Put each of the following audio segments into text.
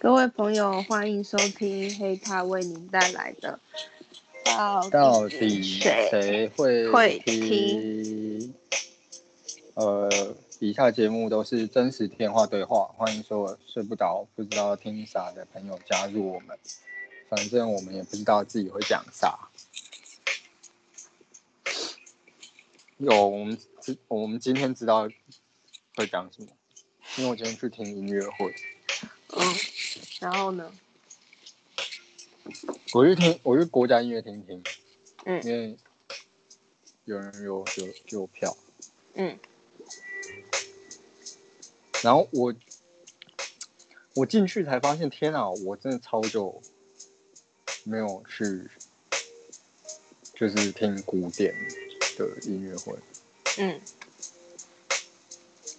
各位朋友，歡迎收聽黑塔為您帶來的到底，到底誰會聽？呃，以下節目都是真實電話對話，歡迎說“我睡不着，不知道聽啥”的朋友加入我們。反正我們也不知道自己會講啥。有我們，我們今天知道會講什麼，因為我今天去聽音樂會。嗯。然後呢，我去聽，我去國家音樂廳聽，嗯，因為有人有有有票，嗯。然後我我進去才發現，天吶，我真的超久沒有去，就是聽古典的音樂會，嗯。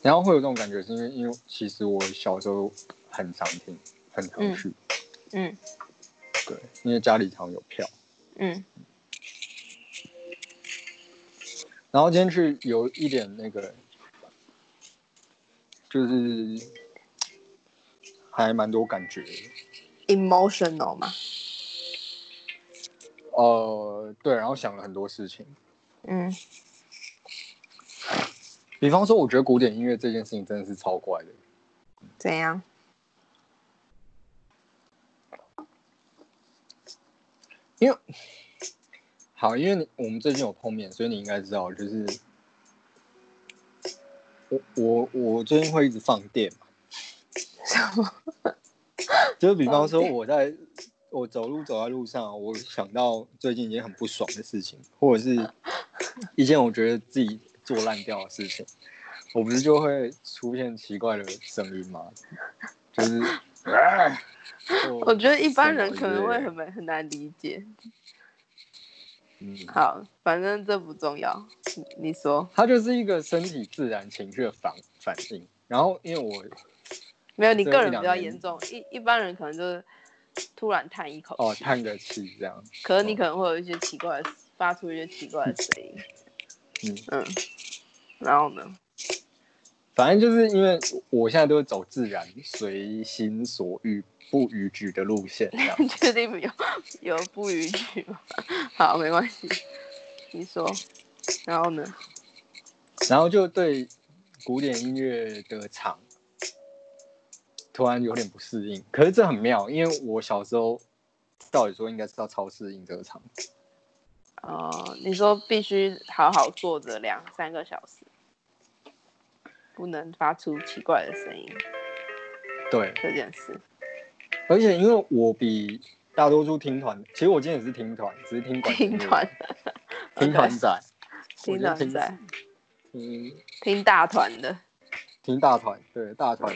然後會有這種感覺，是因為因為其實我小時候很常聽。很常去，嗯。嗯，對，因為家裡常有票，嗯，然後今天是有一點那個，就是還蠻多感覺，emotional 嘛，呃，對，然後想了很多事情，嗯，比方說，我覺得古典音樂這件事情真的是超怪的，怎樣？因為，好，因為你我們最近有碰面，所以你應該知道，就是我我我最近會一直放電嘛。什麼？就比方說，我在我走路走在路上，我想到最近一件很不爽的事情，或者是一件我覺得自己做爛掉的事情，我不是就會出現奇怪的聲音嗎？就是。 我覺得一般人可能會很難很難理解。嗯，好，反正這不重要。你說，他就是一個身體自然情緒的反反應。然後，因為我沒有你個人比較嚴重，一一般人可能就是突然嘆一口哦，嘆個氣這樣。可能你可能會有一些奇怪的發出一些奇怪的聲音。嗯嗯，然後呢？反正就是因為我現在都是走自然，隨心所欲。不逾矩的路線，你確定有有不逾矩嗎？好，沒關係。你說，然後呢？然後就對古典音樂的場突然有點不適應，可是這很妙，因為我小時候，到底說應該是要超適應這個場。哦，你說必須好好坐着兩三個小時，不能發出奇怪的聲音。對這件事。而且因為我比大多數聽團，其實我今天也是聽團，只是聽團，聽團仔，Okay. 聽團仔，聽聽大團的，聽大團，對，大團，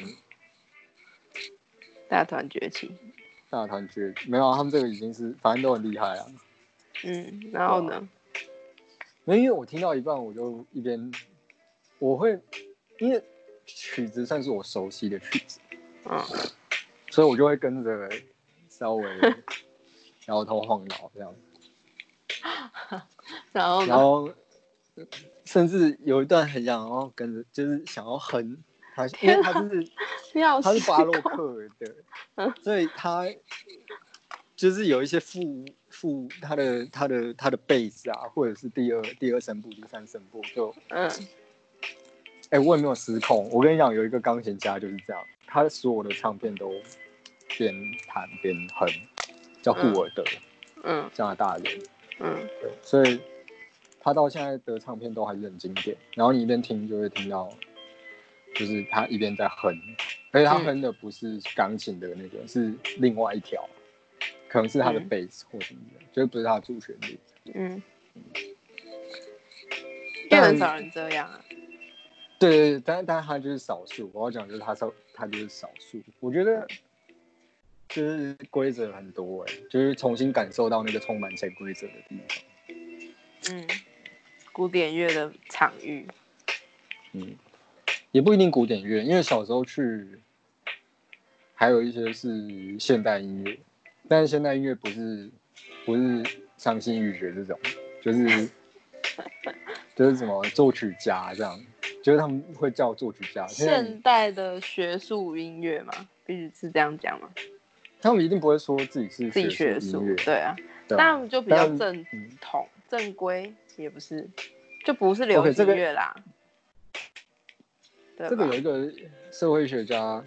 大團崛起，大團崛，沒有啊，他們這個已經是，反正都很厲害啊。嗯，然後呢？沒，因為我聽到一半，我就一邊，我會因為曲子算是我熟悉的曲子。嗯。哦所以我就會跟着稍微搖頭晃腦這樣，然後然後甚至有一段很想，然後跟着就是想要哼，他因為他是，他是他是巴洛克的，所以他就是有一些副副他的他的他的貝斯啊，或者是第二第二聲部第三聲部就，嗯，哎，我也沒有失控，我跟你講有一個鋼琴家就是這樣，他所有的唱片都。邊彈邊哼，叫顧爾德，嗯，加、嗯、拿大人，嗯，對，所以他到現在的唱片都還是很經典。然後你一邊聽就會聽到，就是他一邊在哼，而且他哼的不是鋼琴的那個、嗯，是另外一條，可能是他的貝斯、嗯、或什麼的，絕對不是他的主旋律。嗯，也、嗯、很少人這樣啊。對對對，但但他就是少數。我要講就是他少，他就是少數。我覺得。就是規則很多哎、欸，就是重新感受到那個充滿潛規則的地方。嗯，古典樂的場域。嗯，也不一定古典樂，因為小時候去，還有一些是現代音樂。但是現代音樂不是不是傷心欲絕這種，就是就是什麼作曲家這樣， 就是他們會叫作曲家。現，現代的學術音樂嘛，必須是這樣講嗎？他們一定不會說自己是自己學術，對啊，那我們就比較正統、嗯、正規，也不是，就不是流行音樂啦。Okay, 這個、這個有一個社會學家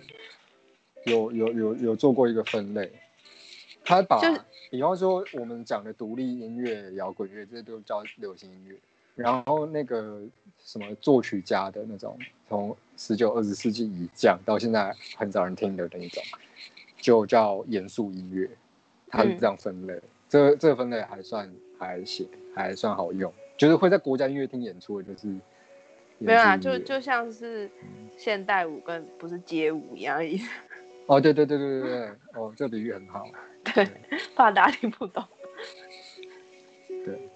有，有有有有做過一個分類，他把就是比方說我們講的獨立音樂、搖滾樂這些都叫流行音樂，然後那個什麼作曲家的那種，從十九、二十世紀以降到現在很少人聽的那種。就叫嚴肅音樂，它是這樣分類，嗯、這這個分類還算還行，還，還算好用，就是會在國家音樂廳演出的就是，沒有啊，就就像是現代舞跟不是街舞一樣一、嗯、哦，對對對對對哦，這比喻很好。嗯、對，對，怕大家聽不懂。對，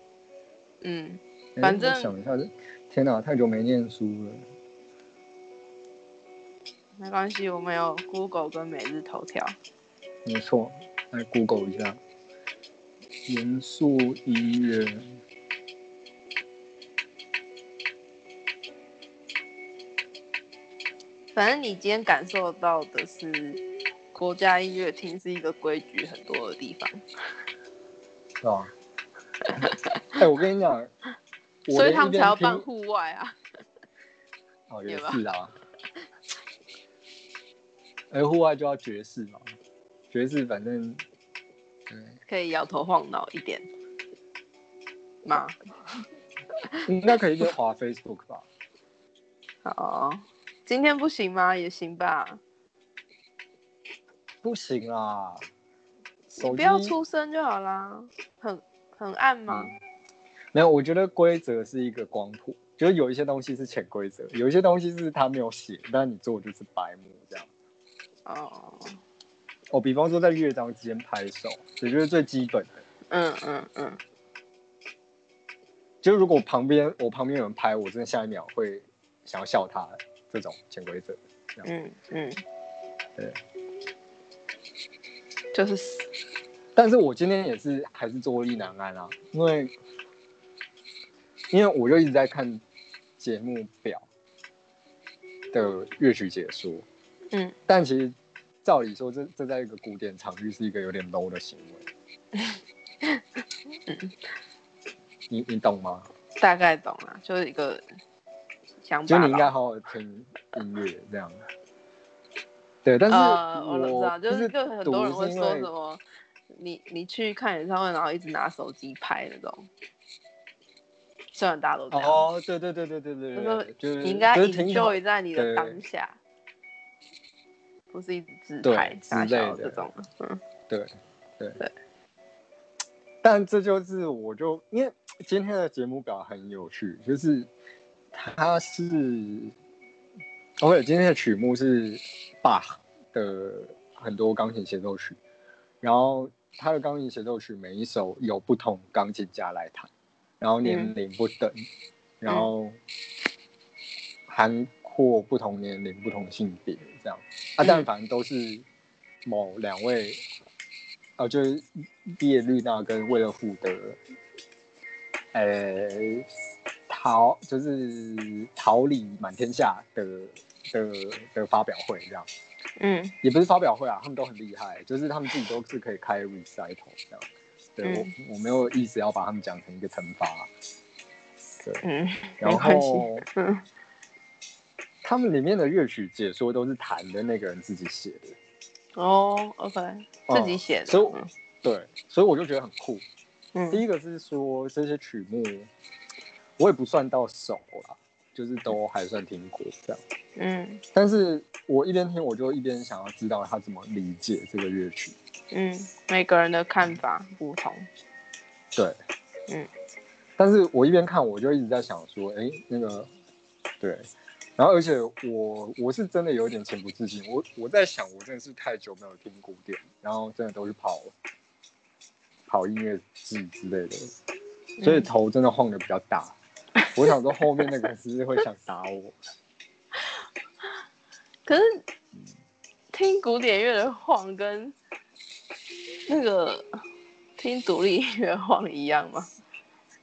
嗯，反正想一下，天哪，太久沒念書了。沒關係，我們有 Google 跟每日頭條。沒錯，來 Google 一下嚴肅音樂。反正你今天感受到的是，國家音樂廳是一個規矩很多的地方。是吧？哎、 欸，我跟你講， 所以他們才要辦戶外啊。 哦，也是啊。而戶外就要爵士嘛，爵士反正可以搖頭晃腦一點嘛。那 可以先滑 Facebook 吧。哦，今天不行嗎？也行吧。不行啊，你不要出聲就好啦。很很暗嗎、嗯？沒有，我覺得規則是一個光譜，就是有一些東西是潛規則，有一些東西是他沒有寫，但你做就是白目這樣。哦、oh，哦，比方說在樂章之間拍手，也就是最基本的。嗯嗯嗯。就是如果旁邊我旁邊有人拍，我真的下一秒會想要笑他這種潛規則這樣。嗯嗯。對，對，對。就是，但是我今天也是還是坐立難安啊，因為因為我就一直在看節目表的樂曲解說。嗯，但其實照理說這，這這在一個古典場域，是一個有點 low 的行為。 你你懂嗎？大概懂了，就是一個想法。就是你應該好好聽音樂這樣。 對，但是我知道，就是就很多人會說什麼，你你去看演唱會，然後一直拿手機拍那種，雖然大家都知道。哦，對對對對對對，對，就你應該就在你的當下。就是不是一直自拍自類這種類，嗯，對，對，對。但這就是我就，因為今天的節目表很有趣，就是它是，哦、OK，今天的曲目是巴赫的很多鋼琴協奏曲，然後他的鋼琴協奏曲每一首有不同鋼琴家來彈，然後年齡不等，嗯、然後含。嗯過不同年齡、不同性別這樣啊，但凡都是某兩位，啊、嗯呃，就是葉綠娜跟威爾福德，誒、欸，桃，就是桃李滿天下的的的發表會這樣，嗯，也不是發表會啊，他們都很厲害，就是他們自己都是可以開 recital 這樣，對、嗯、我我沒有意思要把他們講成一個懲罰，對，嗯、然後嗯。他們裡面的樂曲解說都是彈的那個人自己寫的哦、oh，OK，嗯、自己寫的，所以、嗯、對，所以我就覺得很酷。嗯，第一個是說這些曲目我也不算到熟了，就是都還算聽過這樣。嗯，但是我一邊聽我就一邊想要知道他怎麼理解這個樂曲。嗯，每個人的看法不同。對，嗯，但是我一邊看我就一直在想說，哎、欸，那個，對。然後，而且我我是真的有點情不自禁，我我在想，我真的是太久沒有聽古典，然後真的都是跑跑音樂劇之類的，所以頭真的晃得比較大，嗯。我想說後面那個是不是會想打我？ 可是聽古典樂的晃跟那個聽獨立音樂晃一樣嗎？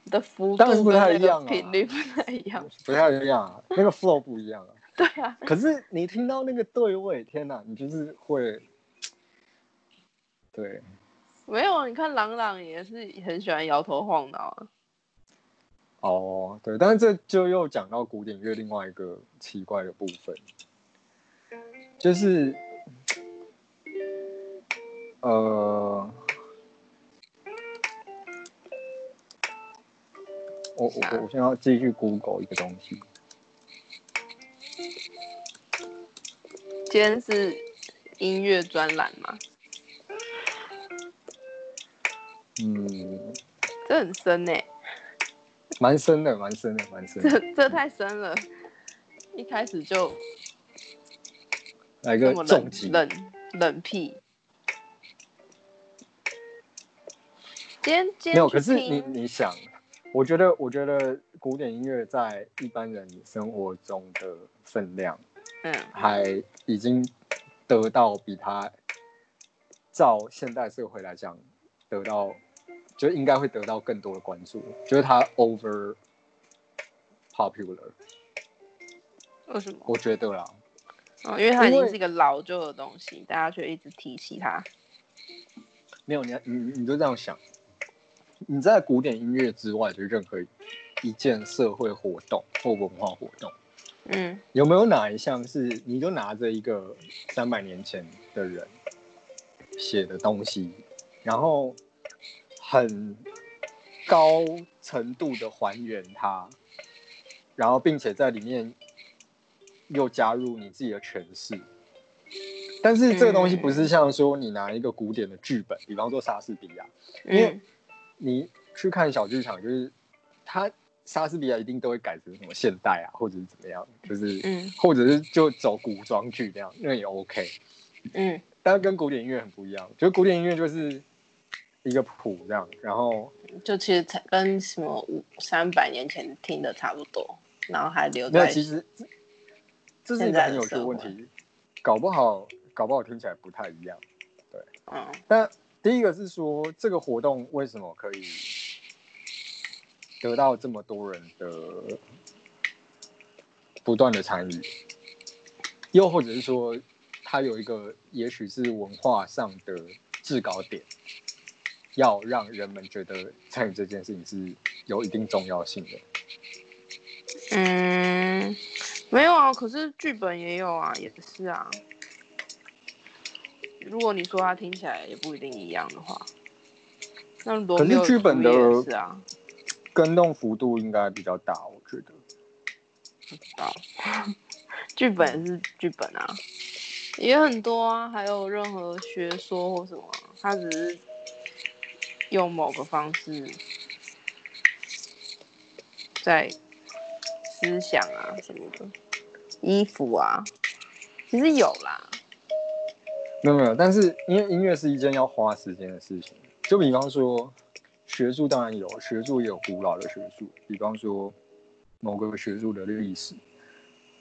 的但是不太一樣頻率， 不太一樣，啊， 不太一樣，那個 flow 不一樣啊。 對啊。可是你聽到那個對位，天哪，你就是會，對。沒有，你看朗朗也是很喜歡搖頭晃腦。哦，oh, 對，但是這就又講到古典樂另外一個奇怪的部分，就是，呃。我我我先要繼續 Google 一個東西。今天是音樂專欄嗎？嗯，這很深呢、欸，蠻深的，蠻深的，蠻深的。這這太深了，嗯、一開始就來個冷冷冷屁。今天今天。可是你你想。我覺得，我覺得古典音樂在一般人生活中的分量，嗯，還已經得到比他照現代社會來講得到就應該會得到更多的關注，就是他 over popular。為什麼？我覺得啦，啊、哦，因為它已經是一個老舊的東西，大家卻一直提起它。沒有你要，你你就這樣想。你在古典音樂之外的任何一件社會活動或文化活動，嗯，有沒有哪一項是你就拿着一個三百年前的人寫的東西，然後很高程度的還原它，然後並且在裡面又加入你自己的詮釋？但是這個東西不是像說你拿一個古典的劇本，嗯，比方說莎士比亞，嗯，因為。你去看小劇場，就是他莎士比亞一定都會改成什麼現代啊，或者是怎麼樣，就是，嗯、或者是就走古裝劇這樣，那也 OK。嗯，但是跟古典音樂很不一樣，覺得古典音樂就是一個譜這樣，然後就其實跟什麼五三百年前聽的差不多，然後還留在,在。那其實這是一個很有趣的問題，搞不好搞不好聽起來不太一樣，對，嗯，但。第一個是說，這個活動為什麼可以得到這麼多人的不斷的參與？又或者是說，它有一個也許是文化上的制高點，要讓人們覺得參與這件事情是有一定重要性的。嗯，沒有啊，可是劇本也有啊，也是啊。如果你說它聽起來也不一定一樣的話，那羅密歐與朱麗葉是啊，是跟動幅度應該比較大，我覺得不知道， 劇本是劇本啊，也很多啊，還有任何學說或什麼，他只是用某個方式在思想啊什麼的衣服啊，其實有啦。沒有沒有，但是因為音樂是一件要花時間的事情，就比方說學術當然有，學術也有古老的學術，比方說某個學術的歷史。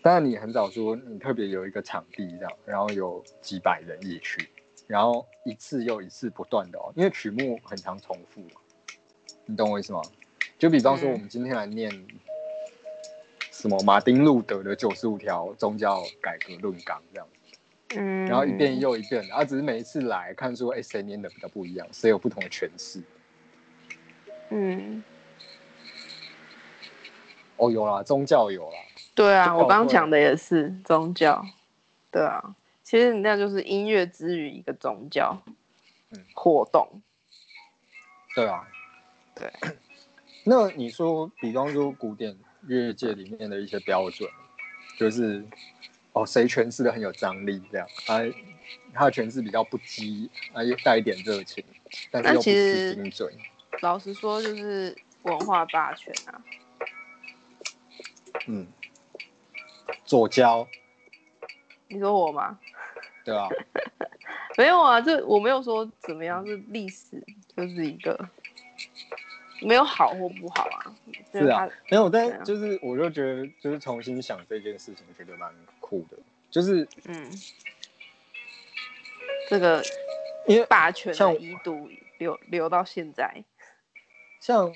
但你很早說你特別有一個場地這樣，然後有幾百人一起，然後一次又一次不斷的哦，因為曲目很常重複啊，你懂我意思嗎？就比方說我們今天來念什麼馬丁路德的九十五條宗教改革論綱這樣。嗯，然後一遍又一遍、嗯，然後只是每一次來看出，哎、欸，誰念的比較不一樣，誰有不同的詮釋。嗯，哦，有了宗教，有了，對啊，我剛剛講的也是宗教，對啊，其實你那樣就是音樂之於一個宗教，嗯，活動，對啊，對，那你說，比方說古典樂界裡面的一些標準，嗯、就是。哦，誰詮釋的很有張力？這樣，他、啊、他的詮釋比較不羈，又、啊、帶一點熱情，但是又不失精準。老實說，就是文化霸權啊。嗯，左膠，你說我嗎？對啊， 沒有啊，這我沒有說怎麼樣，是歷史就是一個。沒有好或不好啊，對啊，沒有，但就是我就覺得，就是重新想這件事情，覺得蠻酷的，就是嗯、就是，這個因為霸權的遺毒留留到現在，像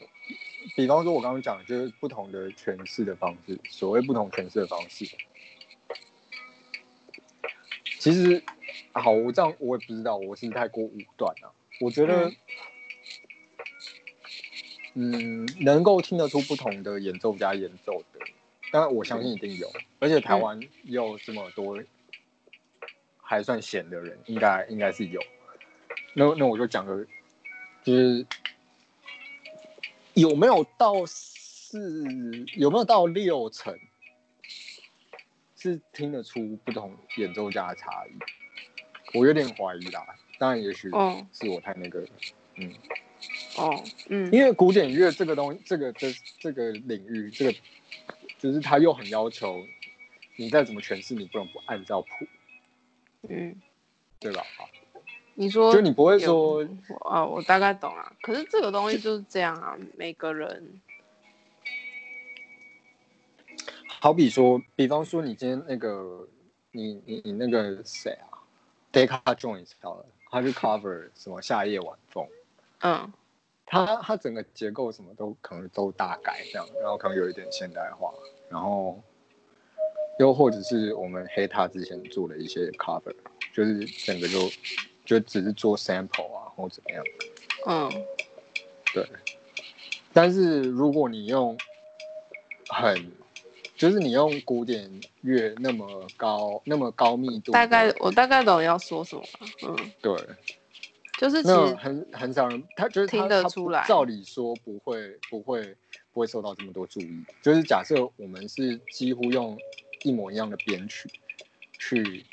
比方說，我剛剛講的就是不同的詮釋的方式，所謂不同詮釋的方式，其實、啊、好，我這樣我也不知道，我是不是太過武斷了，我覺得。嗯嗯，能夠聽得出不同的演奏家演奏的，當然我相信一定有，嗯、而且台灣也有這麼多還算閒的人，嗯、應該應該是有。那那我就講個，就是有沒有到四，有沒有到六成是聽得出不同演奏家的差異？我有點懷疑啦，當然也許是我太那個、哦、嗯。哦，嗯，因為古典樂這個東，這個這這個領域，這個就是它又很要求你再怎麼詮釋，你不能不按照譜，嗯，對吧？啊，你說，就你不會說啊、哦，我大概懂了、啊。可是這個東西就是這樣啊，每個人。好比說，比方說，你今天那個，你你你那個誰啊 Deca joins 到了，他是 cover 什麼夏夜晚風，嗯。它它整個結構什麼都可能都大改，這樣，然後可能有一點現代化，然後又或者是我們黑它之前做的一些 cover，就是整個就就只是做 sample 啊或怎麼樣。嗯。對。但是如果你用很，就是你用古典樂那麼高那麼高密度，大概我大概懂你要說什麼。嗯。對。就是你很很少人，他就是他聽得出來。照理說不會不會不會受到這麼多注意。就是假設我們是幾乎用一模一樣的編曲去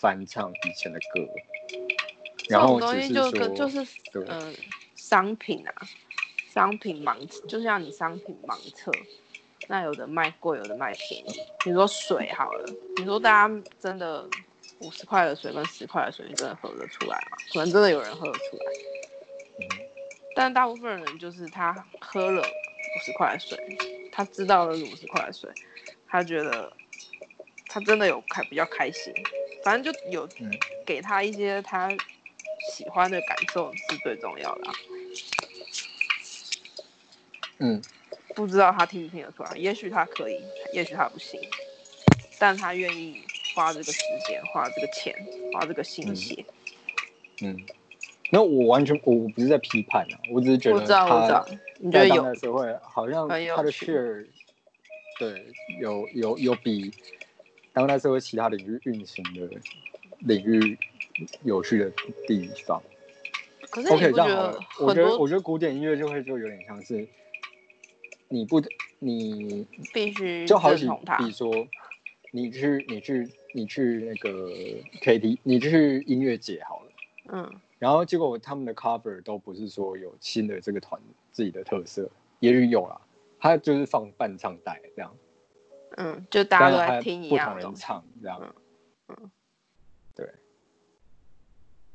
翻唱以前的歌，然後只是說東西就，就是嗯，商品啊，商品盲，就像你商品盲測，那有的賣貴，有的賣便宜。你說水好了，你說大家真的。嗯五十塊的水跟十塊的水，你真的喝得出來嗎？可能真的有人喝得出來、嗯，但大部分人就是他喝了五十塊的水，他知道了五十塊的水，他覺得他真的有開比較開心，反正就有給他一些他喜歡的感受是最重要的、啊。嗯，不知道他聽不聽得出來，也許他可以，也許他不行，但他願意。花這個時間，花這個錢，花這個心血。嗯，嗯那我完全我我不是在批判啊，我只是覺得他你覺得在現代社會好像他的 share 有對有有有比當代社會其他領域運行的領域有趣的地方。可是覺 okay, 這樣我覺得，我覺得我覺得古典音樂就會就有點像是你不得你必須就好比，比如說你去你去。你去那個 k t 你去音樂節好了。嗯，然後結果他們的 cover 都不是說有新的這個團自己的特色，也許有啦，他就是放伴唱帶這樣。嗯，就大家都來聽一樣的。不同人唱這樣嗯，嗯，對。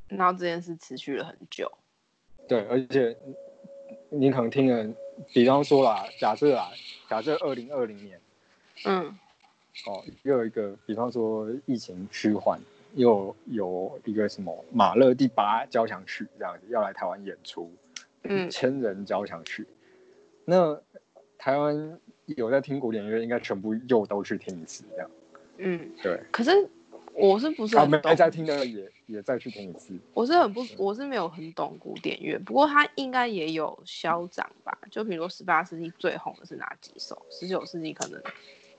然後這件事持續了很久。對，而且你可能聽了，比方說啦，假設啊，假設二零二零年。嗯。哦，又有一個，比方說疫情趨緩又有，有一個什麼馬勒第八交響曲這樣子要來台灣演出，嗯，千人交響曲。嗯、那台灣有在聽古典樂，應該全部又都去聽一次這樣。嗯，對。可是我是不是很愛在聽的也，也也再去聽一次。我是很不，我是沒有很懂古典樂，不過他應該也有消長吧？就比如十八世紀最紅的是哪幾首？十九世紀可能。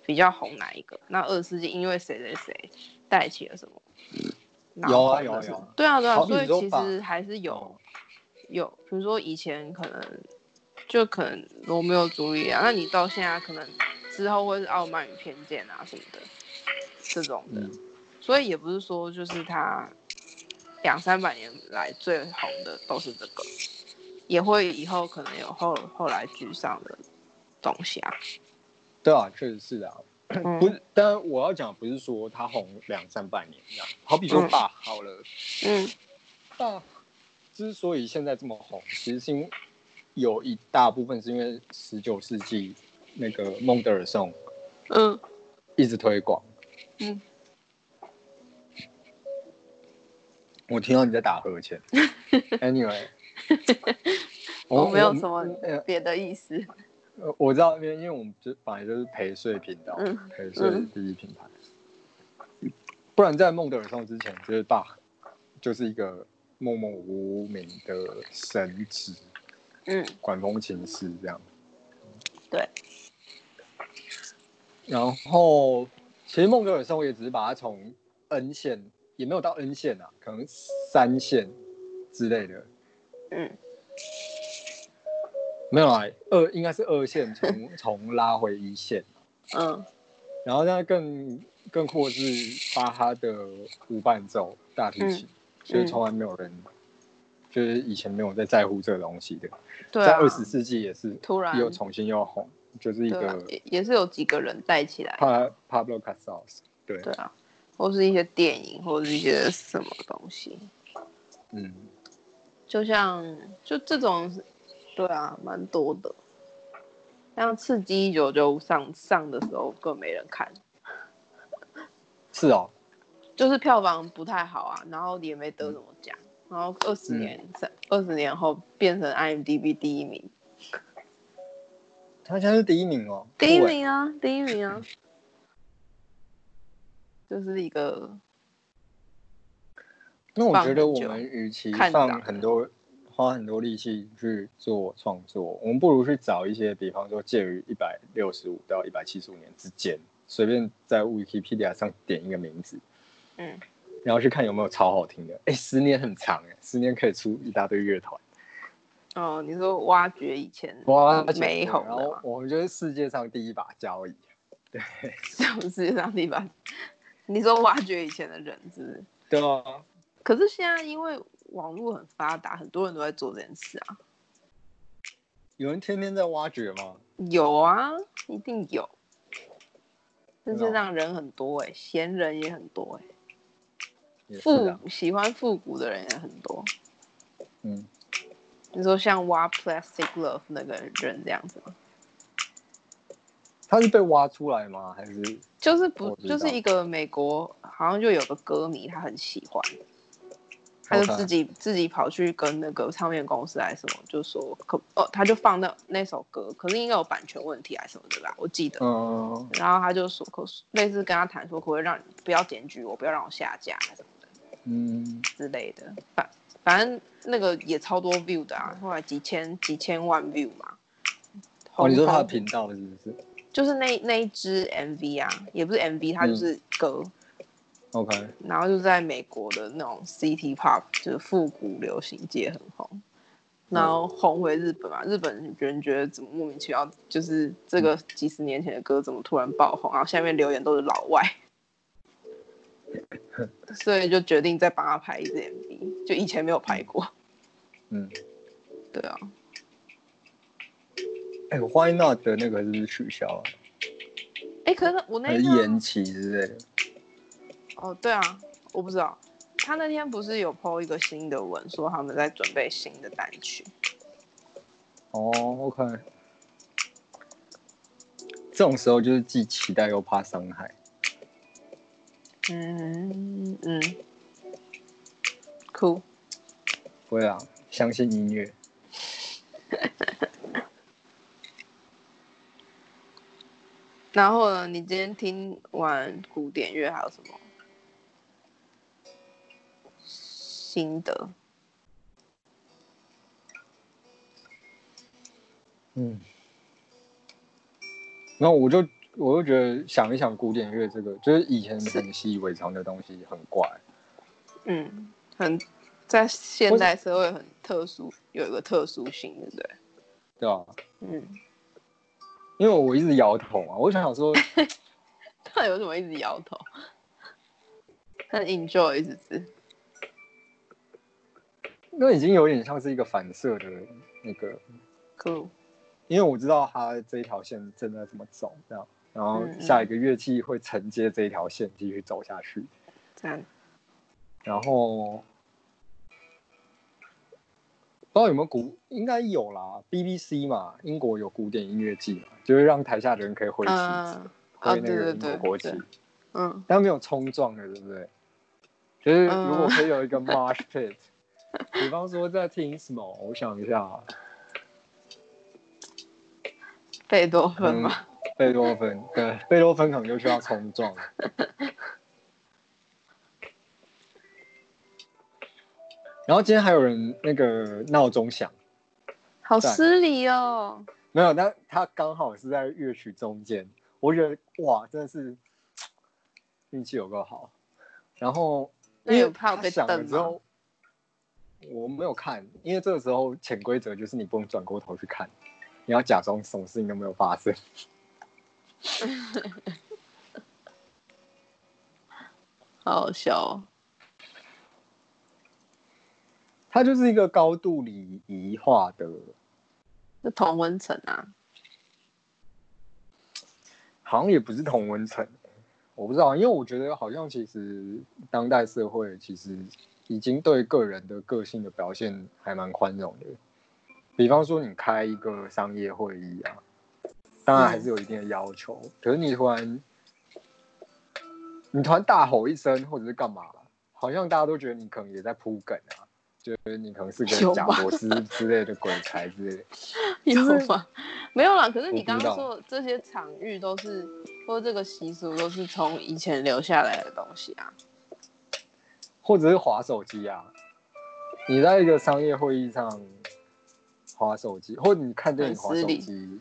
比較紅哪一個？那二十世紀因為誰誰誰帶起了什麼？嗯、什麼有啊有啊有啊。對啊對啊，所以其實還是有有，比如說以前可能就可能我沒有注意啊，那你到現在可能之後會是傲慢與偏見啊什麼的這種的、嗯，所以也不是說就是他兩三百年來最紅的都是這個，也會以後可能有後後來居上的東西啊。對啊，確實是的、啊嗯，不是，但我要講不是說他紅兩三百年這樣，好比說爸、嗯、好了，嗯，爸之所以現在這麼紅，其實是因為有一大部分是因為十九世紀那個孟德爾頌，嗯，一直推廣、嗯，嗯，我聽到你在打呵欠，Anyway， 我沒有什麼別的意思。呃，我知道，那邊，因為我們就本來就是陪睡頻道，嗯，陪睡第一品牌。不然在孟德爾松之前，就是巴哈，就是一個默默無名的神職，嗯，管風琴師這樣。對。然後，其實孟德爾松也只是把它從 N 線，也沒有到 N 線啊，可能三線之類的，嗯。沒有啊，二應該是二線，從從拉回一線， 嗯，然後現在更更酷是把他的無伴奏大提琴，所以從來沒有人、嗯，就是以前沒有在在乎這個東西的，對啊、在二十世紀也是突然又重新又紅，啊、就是一個也是有幾個人帶起來的，帕帕布洛卡薩斯，對對啊，或是一些電影，或是一些什麼東西，嗯， 就像就這種。對啊，蠻多的。像《刺激1995》就上上的時候更沒人看。是哦，就是票房不太好啊，然後也沒得什麼獎、嗯，然後二十年、三二十年後變成 IMDB 第一名。他現在是第一名哦。第一名啊，哦欸、第一名啊，嗯、就是一個。那我覺得我們與其放很多。花很多力氣去做創作，我們不如去找一些，比方說介於一百六十五到一百七十五年之間，隨便在維基百科上點一個名字，嗯，然後去看有沒有超好聽的。哎，十年很長哎、欸，十年可以出一大堆樂團。哦，你說挖掘以前哇，沒有，我覺得世界上第一把交椅，嗯、對，是世界上第一把。你說挖掘以前的人質，對啊，可是現在因為。網絡很發達，很多人都在做這件事啊。有人天天在挖掘嗎？有啊，一定有。世界上人很多哎、欸，閒人也很多哎、欸，復、啊、喜歡復古的人也很多。嗯，你說像挖 Plastic Love 那個人這樣子嗎？他是被挖出來嗎？還是就是不就是一個美國，好像就有個歌迷他很喜歡。他就自己、okay. 自己跑去跟那個唱片公司還是什麼，就說可哦，他就放那那首歌，可是應該有版權問題還是什麼的吧？我記得。Oh. 然後他就說可類似跟他談說，可不可以讓你不要檢舉我，不要讓我下架還什麼的，嗯之類的。反反正那個也超多 view 的啊，後來幾千幾千萬 view 嘛。哦、oh,，你說他的頻道是不是？就是那那一支 MV 啊，也不是 MV，他就是歌。嗯。Okay. 然後就在美國的那種 City Pop 就是復古流行界很紅，然後紅回日本啊，嗯，日本人覺得怎麼莫名其妙，就是這個幾十年前的歌怎麼突然爆紅？然後下面留言都是老外， 所以就決定再幫他拍一支 MV，就以前沒有拍過。嗯，對啊。哎，欸，我歡迎娜的那個就是，是取消了？哎，欸，可是我那個延期之類的。哦，oh，對啊，我不知道，他那天不是有 PO 一個新的文，說他們在準備新的單曲。哦，OK，這種時候就是既期待又怕傷害。嗯嗯，哭，不會啊，相信音樂。 然後呢？你今天聽完古典樂還有什麼？聽的，嗯，那我就我就覺得想一想古典樂這個，就是以前很習以為常的東西，很怪，嗯，很在現代社會很特殊，有一個特殊性，對不對？對啊，嗯，因為我一直搖頭啊，我想想說他有 什麼一直搖頭？ 很 enjoy，一直吃。是不是？那已經有點像是一個反射的那個，可、cool.，因為我知道它這一條線正在怎麼走，這樣，然後下一個樂器會承接這一條線繼續走下去，這、嗯、樣、嗯，然後，不知道有沒有古，應該有啦，BBC 嘛，英國有古典音樂季嘛，就是讓台下的人可以揮旗子，揮、uh, 那個英國，國旗，嗯、uh,，uh. 但沒有衝撞的，對不對？就是如果可以有一個 march pit、uh.。 比方說在聽什麼？我想一下，貝多芬嗎。嗯，貝多芬，對，貝多芬可能就需要衝撞。 然後今天還有人那個鬧鐘響，好失禮哦。沒有，那他剛好是在樂曲中間，我覺得哇，真的是運氣有夠好。然後因為我怕我被瞪了之後我沒有看，因為這個時候潛規則就是你不用轉過頭去看，你要假裝什麼事情都沒有發生。 好好笑哦，他就是一個高度禮儀化的。是同溫層啊？好像也不是同溫層，我不知道，因為我覺得好像其實當代社會其實。已經對個人的個性的表現還蠻寬容的，比方說你開一個商業會議啊，當然還是有一定的要求。嗯、可是你突然，你突然大吼一聲，或者是幹嘛，好像大家都覺得你可能也在鋪梗啊，覺得你可能是個賈伯斯之類的鬼才之類的。有嗎、就是？沒有啦。可是你剛剛說的這些場域都是，或者這個習俗都是從以前留下來的東西啊。或者是滑手機啊，你在一個商業會議上滑手機，或者你看電影滑手機，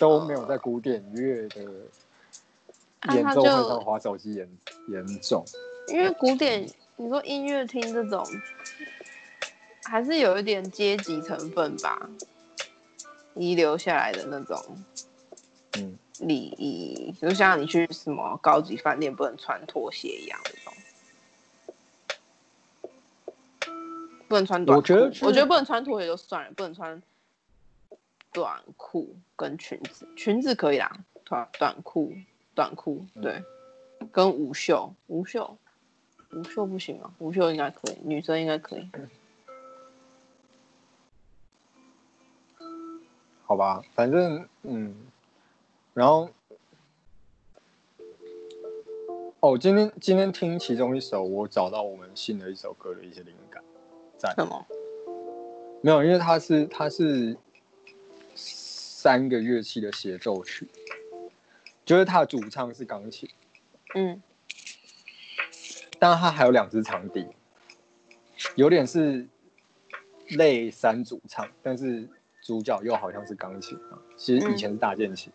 都沒有在古典樂的演奏會上滑手機嚴嚴重、啊。因為古典，你說音樂廳這種，還是有一點階級成分吧，遺留下來的那種，嗯，禮儀，就像你去什麼高級飯店不能穿拖鞋一樣的。不能穿短，我覺得我覺得不能穿拖鞋就算了，不能穿短褲跟裙子，裙子可以啦，短短褲短褲對，跟無袖無袖無袖不行嗎？無袖應該可以，女生應該可以，好吧，反正嗯，然後哦，今天今天聽其中一首，我找到我們新的一首歌的一些靈感。什麼？沒有，因為它是它是三個樂器的協奏曲，就是它的主唱是鋼琴，嗯，但是它還有兩支長笛，有點是類三主唱，但是主角又好像是鋼琴啊，其實以前是大鍵琴，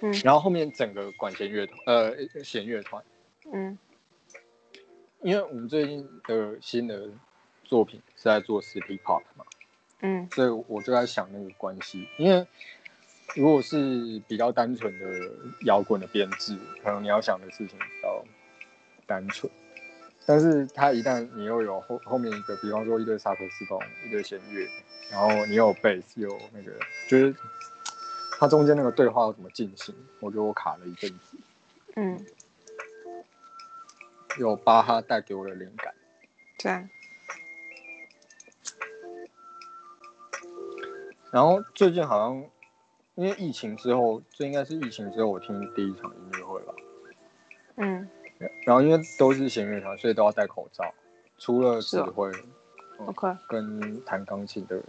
嗯，然後後面整個管弦樂團，呃，弦樂團，嗯，因為我們最近的新的。作品是在做 City Pop 嘛？嗯，所以我就在想那個關係，因為如果是比較單純的搖滾的編制，可能你要想的事情比較單純。但是他一旦你又有後後面一個，比方說一對薩克斯風，一對弦樂，然後你又有貝斯，有那個，就是他中間那個對話要怎麼進行？我覺得我卡了一陣子。嗯，有巴哈帶給我的靈感。嗯 bass，那個就是、對。我然後最近好像，因為疫情之後，這應該是疫情之後我聽第一場音樂會吧。嗯。然後因為都是弦樂團，所以都要戴口罩，除了指揮，哦嗯，OK，跟彈鋼琴的人。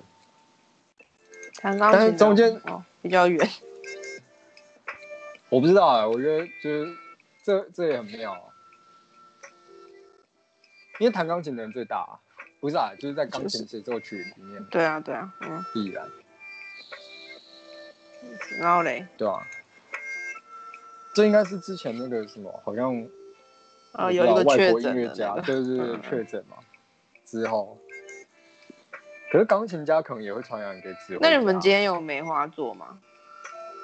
彈鋼琴的，但是中間哦比較遠。我不知道啊，我覺得就是這這也很妙啊，因為彈鋼琴的人最大啊，不是啊，就是在鋼琴協奏曲裡面是不是，對啊對啊，嗯，必然。然後嘞，對啊，這應該是之前那個什麼，好像呃、啊，有一個的、那個、外國音樂家，對對對確診嘛嗯嗯，之後，可是鋼琴家可能也會傳染給之後。那你們今天有梅花座嗎？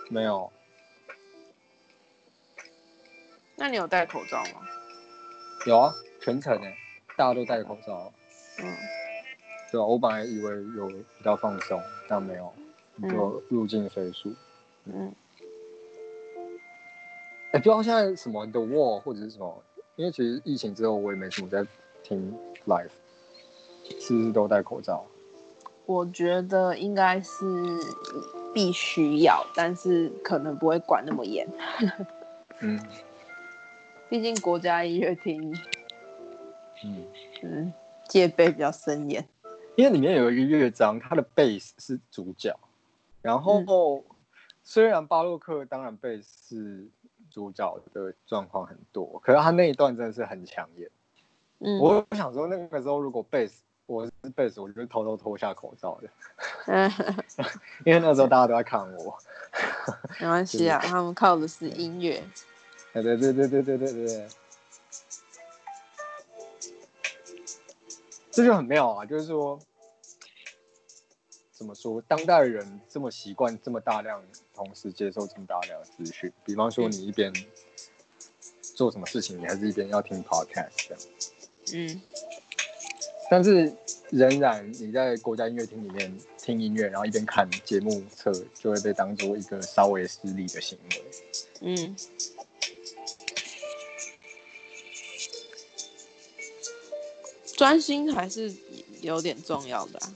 沒有。那你有戴口罩嗎？有啊，全程呢、嗯，大家都戴着口罩。嗯。對啊，我本來以為有比較放鬆，但沒有。一個入境飛速。嗯。哎、嗯欸，不知道現在什麼 The Wall 或者是什麼？因為其實疫情之後，我也沒什麼在聽 Live 是不是都戴口罩？我覺得應該是必須要，但是可能不會管那麼嚴。 嗯。畢竟國家音樂廳，嗯嗯，戒備比較森嚴。因為裡面有一個樂章，它的貝斯是主角。然後、嗯，雖然巴洛克當然貝斯主角的狀況很多，可是他那一段真的是很搶眼。嗯、我想說那個時候如果貝斯我是貝斯，我就偷偷脫下口罩的， 因為那時候大家都在看我。 沒關係係啊， 他們靠的是音樂。對對對對，對對對對對對對。這就很妙啊，就是說。怎麼說？當代人這麼習慣這麼大量同時接受這麼大量的資訊，比方說你一邊做什麼事情，你還是一邊要聽 podcast 這樣。嗯。但是仍然你在國家音樂廳裡面聽音樂，然後一邊看節目冊，就會被當做一個稍微失禮的行為。嗯。專心還是有點重要的啊。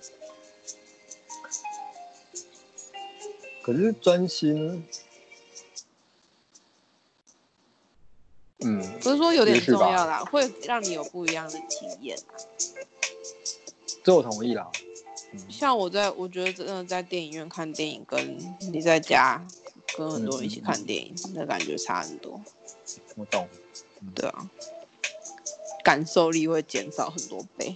可是專心呢，嗯，不是說有點重要啦，會讓你有不一樣的體驗，這我同意啦。嗯、像我在我覺得真的在電影院看電影，跟你在家、嗯、跟很多人一起看電影，嗯，那感覺差很多。我懂。嗯、對啊，感受力會減少很多倍。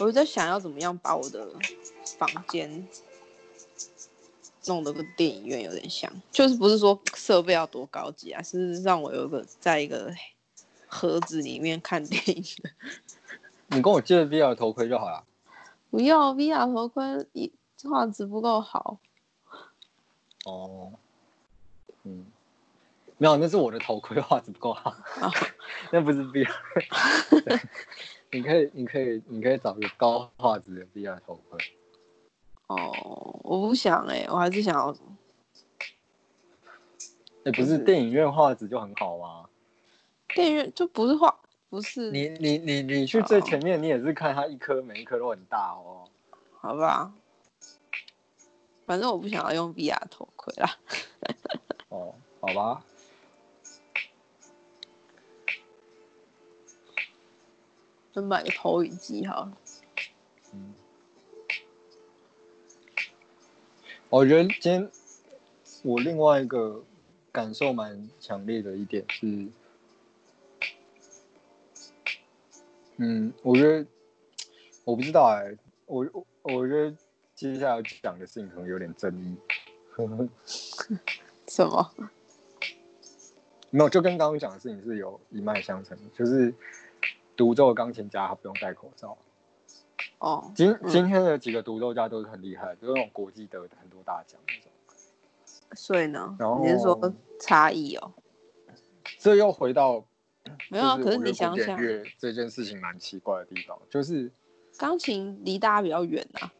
我就在想要怎麼樣把我的房間弄得跟電影院有點像，就是不是說設備要多高級啊，是，是讓我有個在一個盒子裡面看電影。你跟我借個 VR 頭盔就好了。不要，VR 頭盔，畫質不夠好。哦、oh.，嗯，沒有，那是我的頭盔，畫質不夠好，oh. 那不是 VR。 對 你可以，你可以，你可以找個高畫質的 VR 頭盔。哦，我不想哎，我還是想要。哎，不是，不是電影院畫質就很好嗎？電影院就不是畫，不是。你你你你去最前面，oh，你也是看它一顆每一顆都很大哦。好吧，反正我不想要用 VR 頭盔啦。哦， 好吧。就買個投影機哈。嗯，我覺得今天我另外一個感受蠻強烈的一點是，嗯，嗯，我覺得我不知道哎、欸，我我，我覺得接下來講的事情可能有點爭議。 什麼？沒有，就跟剛剛講的事情是有一脈相承的，就是。獨奏鋼琴家他不用戴口罩。哦、oh，今今天的幾個獨奏家都是很厲害，都是那種國際得很多大獎，所以呢，然後你是說差異哦？這又回到沒有啊？可是你想想，這件事情蠻奇怪的地方就是，鋼琴離大家比較遠啊，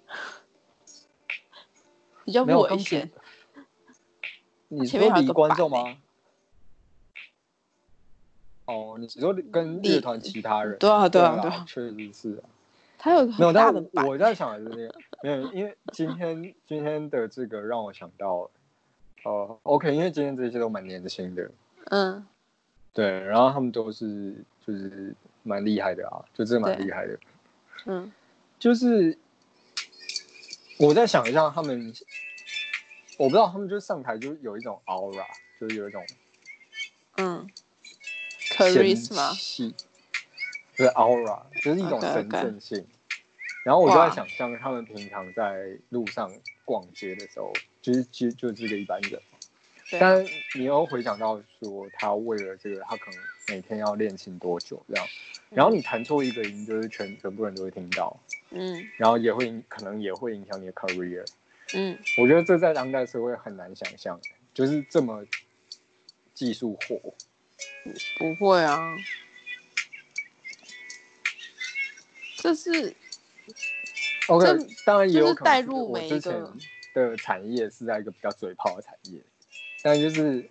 比較沒有危險。你前面有觀眾嗎？哦，你只說跟樂團其他人，對啊對啊對啊，確實是啊。他有沒有？但我，我在想的是那個，沒有，因為今天今天的這個讓我想到，哦、呃，OK，因為今天這些都蠻年輕的，嗯，對，然後他們都是就是蠻厲害的啊，就真的蠻厲害的，嗯，就是我在想一下他們，我不知道他們就上台就有一種 aura，就是有一種嗯。神氣，就是 aura，就是一種神聖性。Okay, okay. 然後我就在想象他們平常在路上逛街的時候，就是就就是個一般人，啊。但你又回想到說，他為了這個，他可能每天要練琴多久這樣？然後你彈錯一個音，就是全、嗯、全部人都會聽到，嗯。然後也會可能也會影響你的 career，嗯。我覺得這在當代社會很難想象、欸，就是這麼技術活。不會啊，這是當然有。就是帶入每一個的產業是在一個比較嘴炮的產業，但就是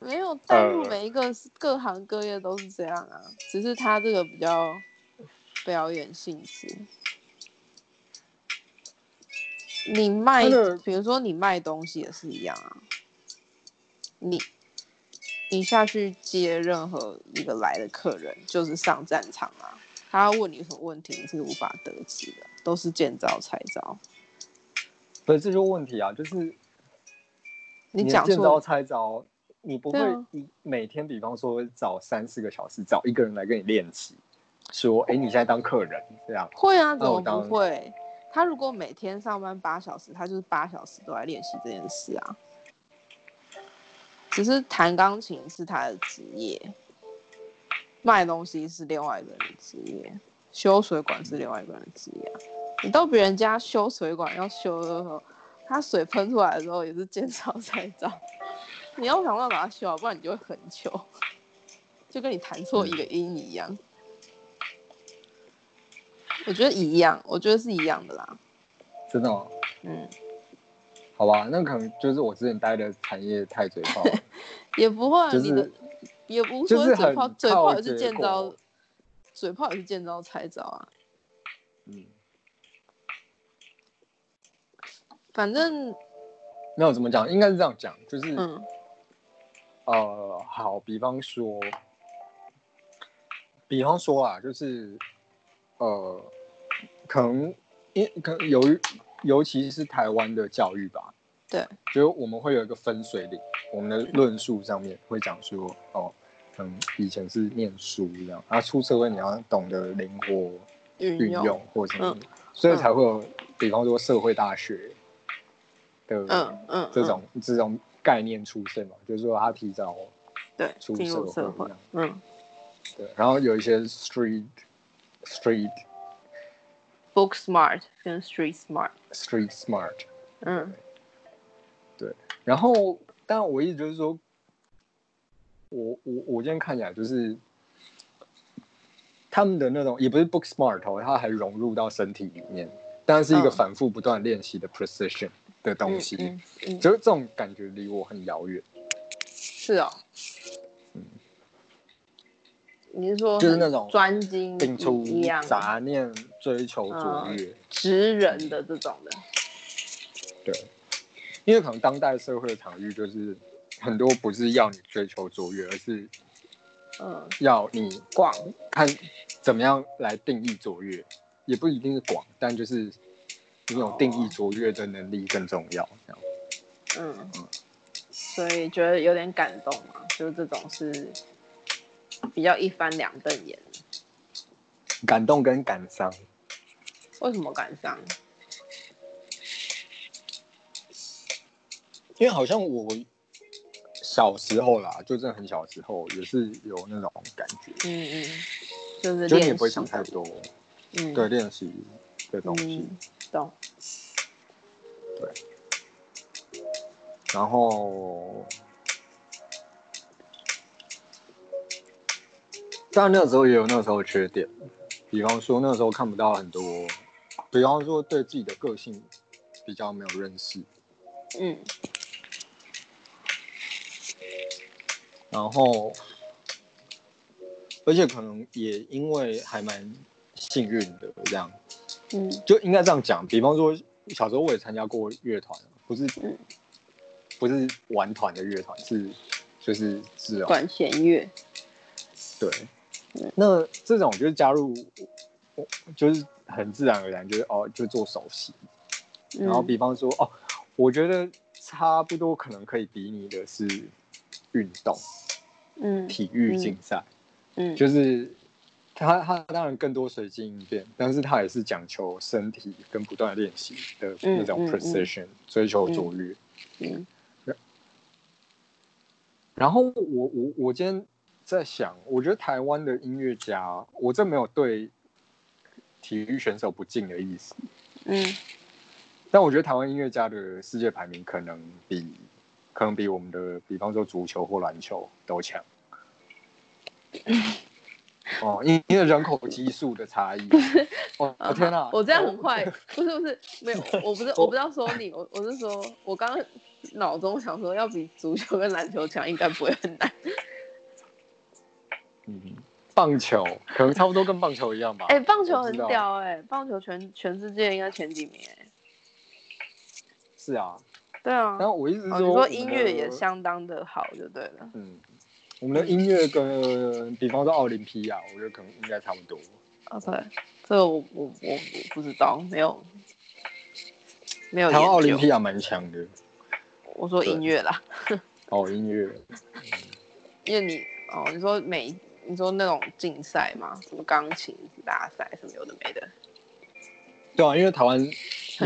沒有帶入每一個各行各業都是這樣啊，只是他這個比較表演性質。你賣，比如說你賣東西也是一樣啊，你。你下去接任何一個來的客人，就是上戰場啊！他要問你什麼問題，你是無法得知的，都是見招拆招。所以這就是問題啊，就是你見招拆招，你不會每天，啊、比方說找三四個小時找一個人來跟你練習，說：“哎、okay.，你現在當客人這樣。啊”會啊，怎麼不會？他如果每天上班八小時，他就是八小時都來練習這件事啊。只是彈鋼琴是他的職業，賣東西是另外一個人的職業，修水管是另外一個人的職業。你到別人家修水管，要修的時候，他水噴出來的時候也是見招拆招。你要想辦法把它修好，不然你就會很糗，就跟你彈錯一個音一樣。嗯。我覺得一樣，我覺得是一樣的啦。真的嗎？嗯。好吧，那可能就是我之前待的產業太嘴炮， 也不會，就是、你的也無所謂，嘴炮嘴炮也是見招，嘴炮也是見招拆招啊。嗯，反正沒有怎麼講，應該是這樣講，就是、嗯、呃，好，比方說，比方說啊，就是呃，可能因可能由於。尤其是台灣的教育吧，對，就是我們會有一個分水嶺，我們的論述上面會講說、嗯，哦，可能、嗯、以前是念書一樣，然、啊、後出社會你要懂得靈活運用，或者什麼，所以才會有，比方說社會大學的，嗯嗯，嗯這種這種概念出現嘛，就是說他提早出對出社會，嗯，對，然後有一些 street street。Book smart 跟 Street smart，Street smart，嗯對，對。然後，但我一直就是說，我我我今天看起來就是他們的那種，也不是 Book smart，它、哦、還融入到身體裡面，但是一個反覆不斷練習的 precision 的東西，嗯嗯嗯嗯、就是這種感覺離我很遙遠。是啊、哦，嗯，你是說很就是那種專精、摒除、雜念。追求卓越，職人的這種的，對，因為可能當代社會的場域就是很多不是要你追求卓越，而是，要你逛、嗯、看怎麼樣來定義卓越，也不一定是廣，但就是你有定義卓越的能力更重要。哦、這樣嗯，嗯，所以覺得有點感動嘛，就是這種是比較一翻兩瞪眼，感動跟感傷。為什麼敢上？因為好像我小時候啦，就真的很小時候，也是有那種感覺。嗯嗯，就是就你也不會想太多。嗯、對，練習的東西、嗯，懂。對。然後，但那時候也有那個時候的缺點，比方說那時候看不到很多。比方說，對自己的個性比較沒有認識。嗯。然後，而且可能也因為還蠻幸運的這樣。嗯。就應該這樣講。比方說，小時候我也參加過樂團，不是，嗯、不是玩團的樂團，是就是自然管弦樂。對、嗯。那這種就是加入，就是。很自然而然，就是哦，就做首席。然後，比方說、嗯、哦，我覺得差不多可能可以比擬的是運動，嗯，體育競賽，嗯，嗯，就是他他當然更多隨機應變，但是他也是講求身體跟不斷練習的那種 precision，、嗯嗯嗯、追求卓越。然、嗯、後、嗯嗯，然後我我我今天在想，我覺得台灣的音樂家，我這沒有對。體育選手不進的意思，嗯，但我覺得台灣音樂家的世界排名可能比，可能比我們的，比方說足球或籃球都強， 哦，因因為人口基數的差異， 哦，天哪、啊， 我這樣很快，不是不是沒有，我不是我不知道說你， 我我是說，我剛剛腦中想說要比足球跟籃球強，應該不會很難，嗯。棒球可能差不多跟棒球一樣吧。哎、 欸，棒球很屌哎、欸，棒球全全世界應該前幾名哎、欸。是啊，對啊。然後我一直說、哦，你說音樂也相當的好，就對了。嗯，我們的音樂跟，比方說奧林匹亞，我覺得可能應該差不多。啊，對，這個我我我我不知道，沒有沒有。他奧林匹亞蠻強的。我說音樂啦。 哦，音樂。 因為你哦，你說美。你說那種競賽嗎？什麼鋼琴大賽，什麼有的沒的。對啊，因為台灣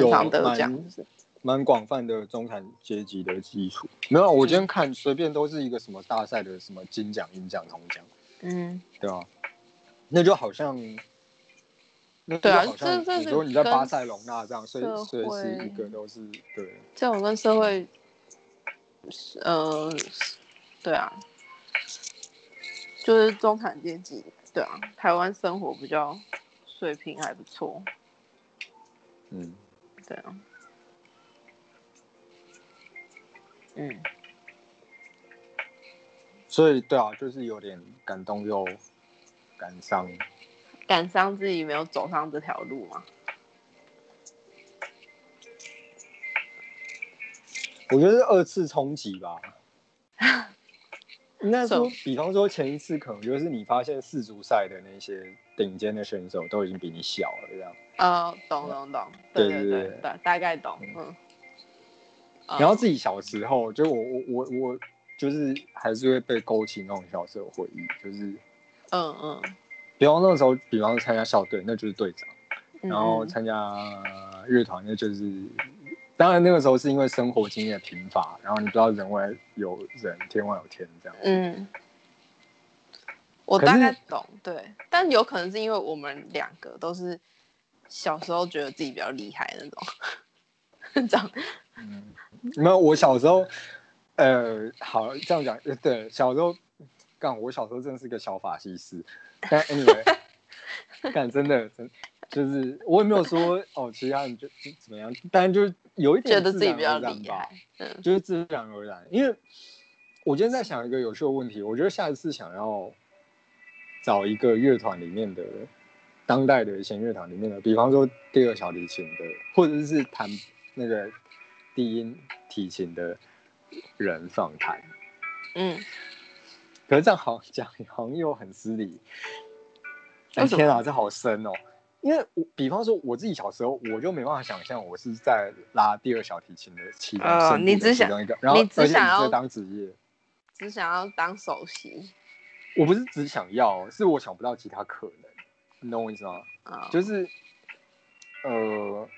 有蠻，很常得獎蠻，蠻廣泛的中產階級的基礎。沒有，我今天看隨便都是一個什麼大賽的什麼金獎、銀獎、銅獎。嗯，對啊。那就好像，對啊，好像，比如你在巴塞隆納這樣，所以所以是一個都是對這種跟社會，嗯、呃，對啊。就是中產階級，對啊，台灣生活比較水平還不錯，對啊，嗯，對啊，嗯，所以對啊，就是有點感動又感傷。感傷自己沒有走上這條路嗎？我覺得是二次衝擊吧。那時候 so, 比方說前一次可能就是你發現世足賽的那些頂尖的選手都已經比你小了這樣。啊、oh，懂懂懂，對對對，對，對，對，對，對，大概懂。嗯。嗯 oh. 然後自己小時候，就我我我我，就是還是會被勾起那種小時候回憶，就是，嗯嗯，比方那時候，比方參加校隊，那就是隊長，mm -hmm. 然後參加樂團，那就是。當然，那個時候是因為生活經驗貧乏，然後你不知道人外有人，天外有天這樣。嗯，我大概懂，對，但有可能是因為我們兩個都是小時候覺得自己比較厲害的那種，這樣。嗯，沒有，我小時候，嗯、呃，好這樣講，對，小時候，幹，我小時候真的是個小法西斯。但 anyway，但 真的真的就是我也沒有說哦，其他人就怎麼樣，但就。有一點覺得自己比較厲害，嗯，就是自然而然。因為我今天在想一個有趣的問題，我覺得下一次想要找一個樂團裡面的當代的弦樂團裡面的，比方說第二小提琴的，或者是彈那個低音提琴的人上台。嗯，可是這樣好講，好像又很失禮。哎天啊，這好深哦。因為我比方說我自己小時候，我就沒辦法想象我是在拉第二小提琴的，呃、的其中一個。你只想，然後你只想要，你只當職業，只想要當首席。我不是只想要，是我想不到其他可能，你懂我意思嗎？啊、oh.，就是，呃，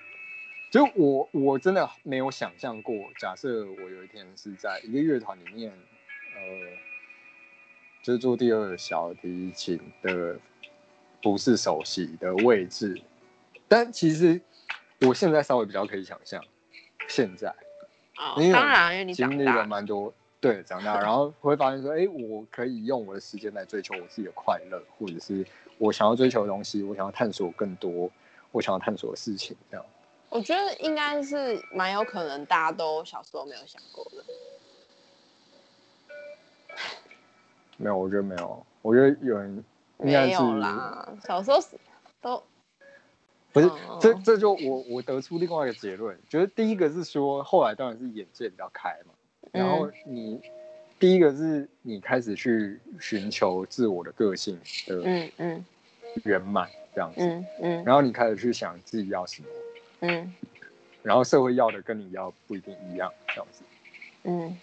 就我我真的沒有想象過，假設我有一天是在一個樂團裡面，呃，就是做第二小提琴的。不是首席的位置，但其實我現在稍微比較可以想象，現在，哦哦，當然，因為你經歷了蠻多，對，長大，然後我會發現說，哎，我可以用我的時間來追求我自己的快樂，或者是我想要追求的東西，我想要探索更多，我想要探索的事情，這樣。我覺得應該是蠻有可能，大家都小時候沒有想過的。沒有，我覺得沒有，我覺得有人。沒有啦，小時候是都不是，這這就我我得出另外一個結論，覺得第一個是說後來當然是眼界比較開嘛，然後你第一個是你開始去尋求自我的個性的嗯嗯圓滿這樣子嗯，然後你開始去想自己要什麼嗯，然後社會要的跟你要不一定一樣這樣子嗯，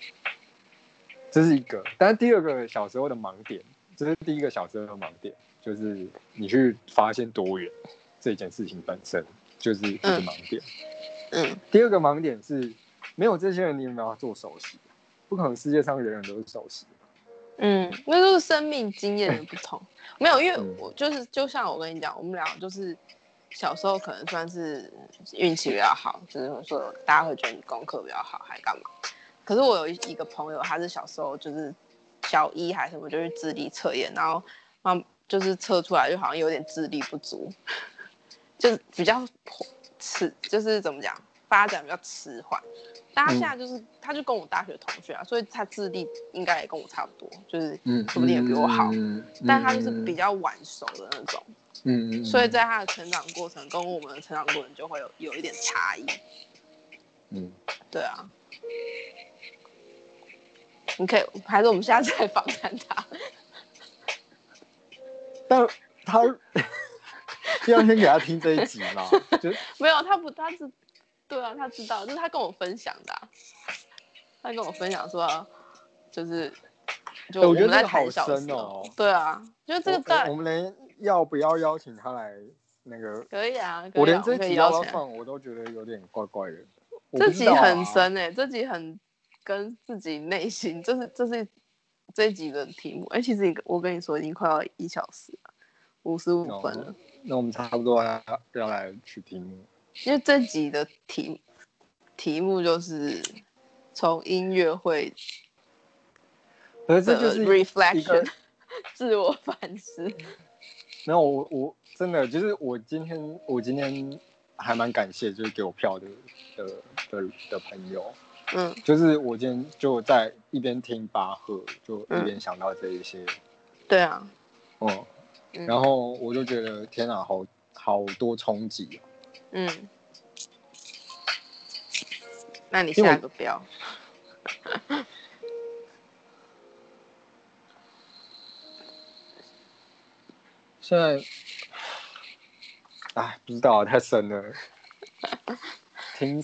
這是一個，但是第二個小時候的盲點。這是第一個小時候的盲點，就是你去發現多元這件事情本身就是一個盲點嗯。嗯。第二個盲點是，沒有這些人，你有沒有要做熟悉，不可能世界上人人都是熟悉。嗯，那就是生命經驗的不同。 沒有，因為我就是就像我跟你講，我們倆就是小時候可能算是運氣比較好，就是說大家會覺得你功課比較好，還幹嘛？可是我有一個朋友，他是小時候就是。小一還是什麼就是智力測驗，然後就是測出來就好像有點智力不足， 就是比較遲，就是怎麼講，發展比較遲緩。但他現在就是、嗯，他就跟我大學同學啊，所以他智力應該也跟我差不多，就是嗯，說不定也比我好、嗯嗯嗯嗯嗯，但他就是比較晚熟的那種嗯嗯，嗯，所以在他的成長過程跟我們的成長過程就會有有一點差異，嗯，對啊。你可以，還是我們下次來訪談他。但他第二天給他聽這一集了 沒有，他不，他是對啊，他知道，就是他跟我分享的，啊。他跟我分享說，啊，就是，就我覺得他好深哦。 對啊，就是這個我。我們連要不要邀請他來那個？可以啊，可以啊，我連這一集邀請我都覺得有點怪怪的。啊，這集很深誒，欸，這集很。跟自己內心，這是這是這集的題目。哎、欸，其實你我跟你說，已經快要一小時了，五十五分了。No, no. 那我們差不多要要來取題目，因為這集的題題目就是從音樂會，而這就是 reflection 自我反思。沒、no, 有，我我真的就是我今天我今天還蠻感謝，就是給我票的的的的朋友。嗯，就是我今天就在一邊聽巴赫，就一邊想到這一些、嗯嗯，對啊，哦、嗯嗯，然後我就覺得天哪、啊，好好多衝擊，嗯，那你下一個標， 現在，哎，不知道，太深了。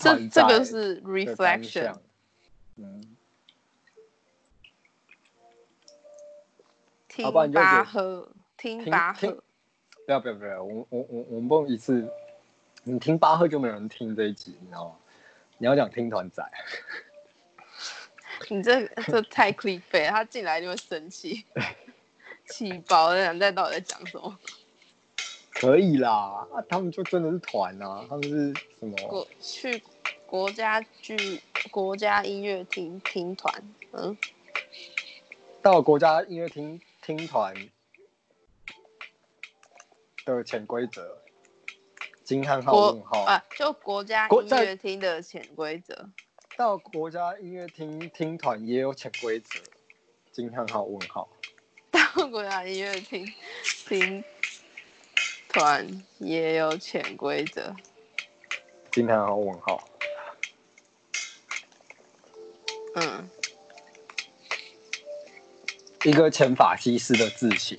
這這個是 reflection。嗯，聽巴赫，聽巴赫。不要不要不要！我我我我們不用一次。你聽巴赫就沒有人聽這一集，你知道嗎？你要講聽團仔。 你這這太虧費，他進來就會生氣。氣 爆！了，你在到底在講什麼？可以啦，啊，他們就真的是團啊，他們是什麼？國去國家劇國家音樂廳聽團，嗯，到國家音樂廳聽團的潛規則，驚嘆號問號啊，就國家音樂廳的潛規則，到國家音樂廳聽團也有潛規則，驚嘆號問號，到國家音樂廳聽。聽團也有潛規則，今天好問號，嗯，一個前法西斯的字形。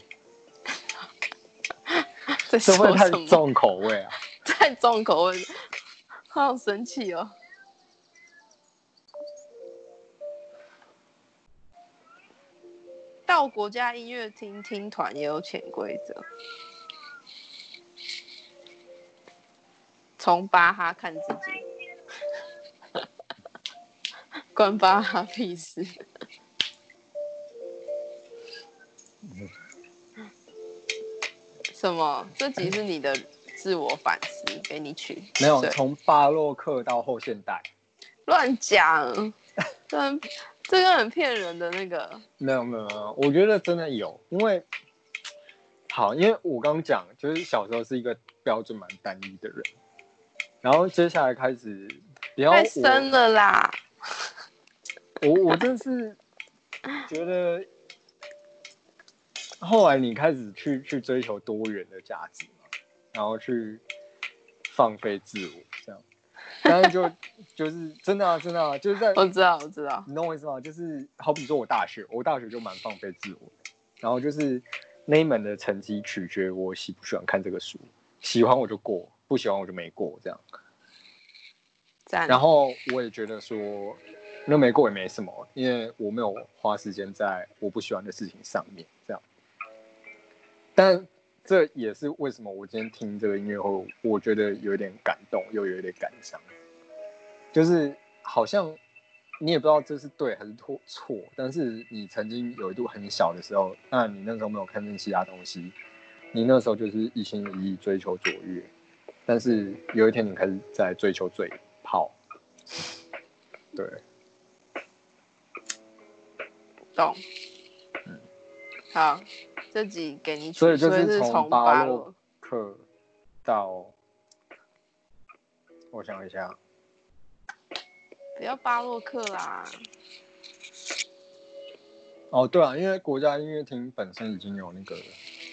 這會說什 不會太重口味啊？ 太重口味，好，好神奇哦！ 到國家音樂廳聽團也有潛規則。從巴哈看自己， 關巴哈屁事？ 什麼？這集是你的自我反思？給你取？沒有，從巴洛克到後現代，亂講，真的， 這個很騙人的那個。沒有沒有沒有，我覺得真的有，因為好，因為我剛講就是小時候是一個標準蠻單一的人。然後接下來開始，不要太深了啦！我我真是覺得，後來你開始去去追求多元的價值嘛，然後去放飛自我這樣，但是就就是真的啊，真的啊，就是在，我知道我知道，你懂我意思嗎？就是好比說，我大學我大學就蠻放飛自我，然後就是那一門的成績取決我喜不喜歡看這個書，喜歡我就過。不喜歡我就沒過，這樣。然後我也覺得說，那沒過也沒什麼，因為我沒有花時間在我不喜歡的事情上面。這樣。但這也是為什麼我今天聽這個音樂會，我覺得有點感動，又有點感傷。就是好像你也不知道這是對還是錯，錯。但是你曾經有一度很小的時候，那你那時候沒有看見其他東西，你那時候就是一心一意追求卓越。但是有一天，你開始在追求最跑，對，懂，嗯，好，這集給你，所以就是從巴洛克到，我想一下，不要巴洛克啦，哦，對啊，因為國家音樂廳本身已經有那個，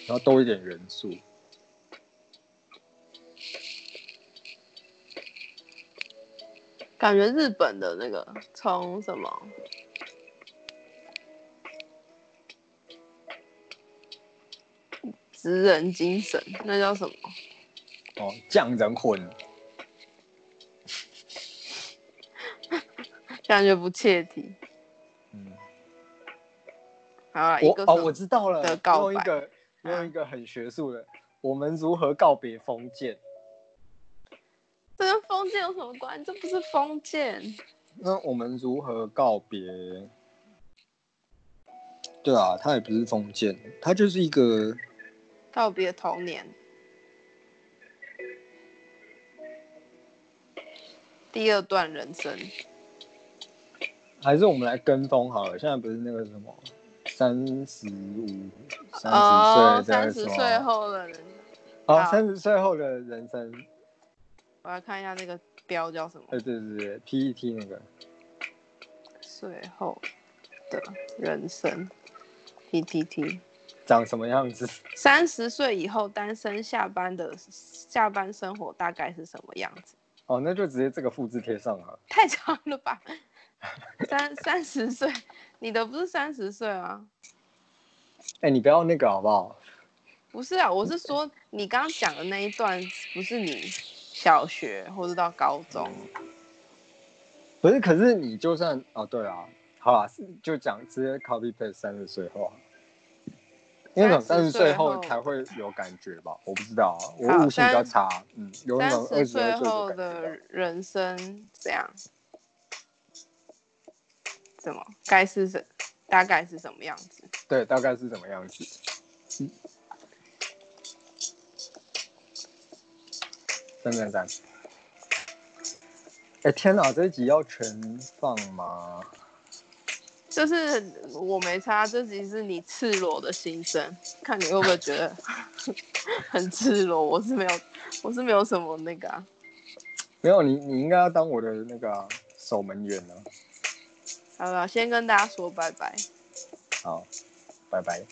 然後多一點元素。感覺日本的那個從什麼，職人精神，那叫什麼？哦，匠人魂。 感覺不切題。嗯。啊，我哦，我知道了。用一個，用一個很學術的、啊，我們如何告別封建？封建有什麼關？這不是封建。那我們如何告別？對啊，它也不是封建，它就是一個告別童年，第二段人生。還是我們來跟風好了。現在不是那個什麼三十五、三十歲，三十歲後的人。啊，三十歲後的人生。我要看一下那個標叫什麼？對對對，PTT 那個。最後的人生，PTT，長什麼樣子？三十歲以後單身下班的下班生活大概是什麼樣子？哦，那就直接這個複製貼上了。太長了吧？三三十歲，你的不是三十歲啊？哎、欸，你不要那個好不好？不是啊，我是說你剛剛講的那一段，不是你。小學或者到高中、嗯，不是？可是你就算哦、啊、對啊，好吧，就講直接 copy paste 三十歲後，因為三十歲後才會有感覺吧？我不知道、啊，我悟性比較差，30, 嗯，有種二十歲後的人生這樣，什麼？該是什？大概是什麼樣子？對，大概是什麼樣子？嗯哎，天哪，這一集要全放嗎？就是我沒差，這集是你赤裸的心聲，看你會不會覺得 很赤裸？我是沒有，我是沒有什麼那個、啊。沒有你，你應該要當我的那個、啊、守門員呢、啊。好了，先跟大家說拜拜。好，拜拜，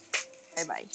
拜拜。